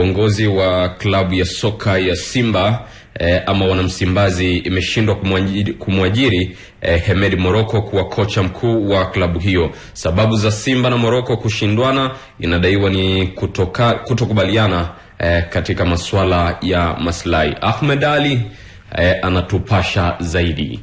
Uongozi wa klabu ya soka ya Simba eh, ama wanamsimbazi imeshindwa kumwajiri eh, Hemed Moroko kuwa kocha mkuu wa klabu hiyo. Sababu za Simba na Moroko kushindwana inadaiwa ni kutoka, kutokubaliana eh, katika masuala ya maslahi. Ahmed Ali eh, anatupasha zaidi.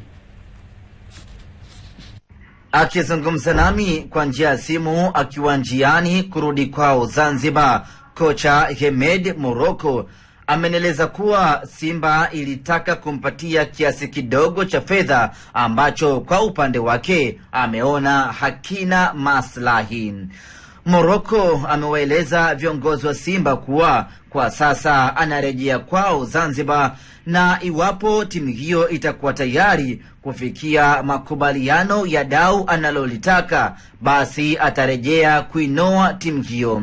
Akizungumza nami kwa njia ya simu akiwa njiani kurudi kwao Zanzibar, Kocha Hemed Morocco ameneleza kuwa Simba ilitaka kumpatia kiasi kidogo cha fedha ambacho kwa upande wake ameona hakina maslahi. Morocco amewaeleza viongozi wa Simba kuwa kwa sasa anarejea kwao Zanzibar na iwapo timu hiyo itakuwa tayari kufikia makubaliano ya dau analolitaka basi atarejea kuinoa timu hiyo.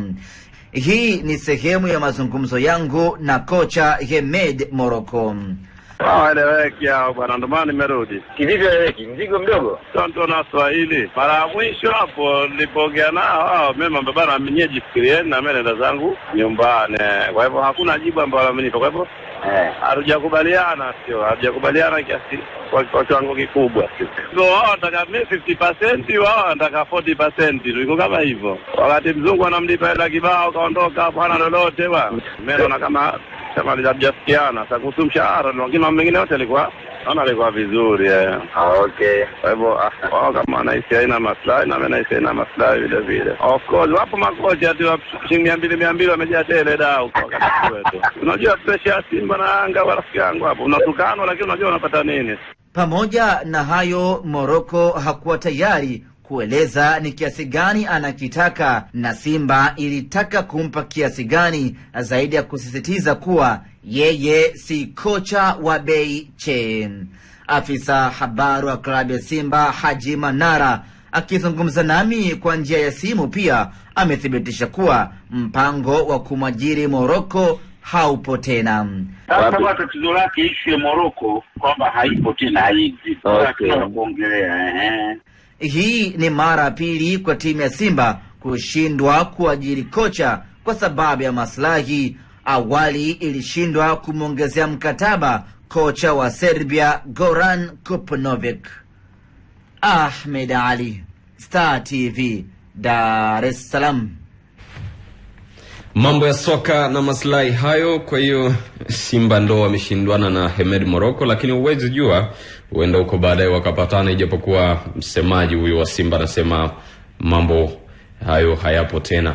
Hii ni sehemu ya mazungumzo yangu na kocha Hemed Moroko. Hawaeleweki ao bwana, ndo nimerudi. kivivyo eleweki? Mzigo mdogo santo Swahili. Mara ya mwisho hapo nilipoongea nao hao, mema baba na jifikirieni, na mimi naenda zangu nyumbani. Kwa hivyo hakuna jibu ambalo wamenipa, kwa hivyo Eh. Hatujakubaliana eh, sio, hatujakubaliana kiasi kwa kiwango kikubwa. Wao wanataka mi 50% wao wanataka 40% tu, iko kama hivyo. Wakati mzungu anamlipa hela kibao, kaondoka hapo, hana lolote bwana. Mimi naona kama kama hatujafikiana. Sasa kuhusu mshahara lakini mambo mengine yote alikuwa Naona alikuwa vizuri eh. Ah, okay. Kwa hivyo wao ah, oh, kama wanahisi haina maslahi na wanahisi haina maslahi vile vile. Of course wapo makocha tu shilingi mia mbili mia mbili wamejaa tele da huko wakati wetu. Unajua pressure ya Simba na Yanga rafiki yangu hapo unatukanwa, lakini unajua unapata nini? Pamoja na hayo, Moroko hakuwa tayari kueleza ni kiasi gani anakitaka na Simba ilitaka kumpa kiasi gani zaidi ya kusisitiza kuwa yeye si kocha wa bei Chain. Afisa habari wa klabu ya Simba Haji Manara akizungumza nami kwa njia ya simu pia amethibitisha kuwa mpango wa kumwajiri Moroko haupo tena. Sasa tatizo lake ishu ya Moroko kwamba haipo tena, haiji kuongelea. Okay. Hii ni mara ya pili kwa timu ya Simba kushindwa kuajiri kocha kwa sababu ya maslahi Awali ilishindwa kumwongezea mkataba kocha wa Serbia Goran kupnovic Ahmed Ali, Star TV, Dar es Salaam. Mambo ya soka na maslahi hayo. Kwa hiyo Simba ndo wameshindwana na Hemed moroko lakini huwezi jua, huenda huko baadaye wakapatana, ijapokuwa msemaji huyo wa Simba anasema mambo hayo hayapo tena.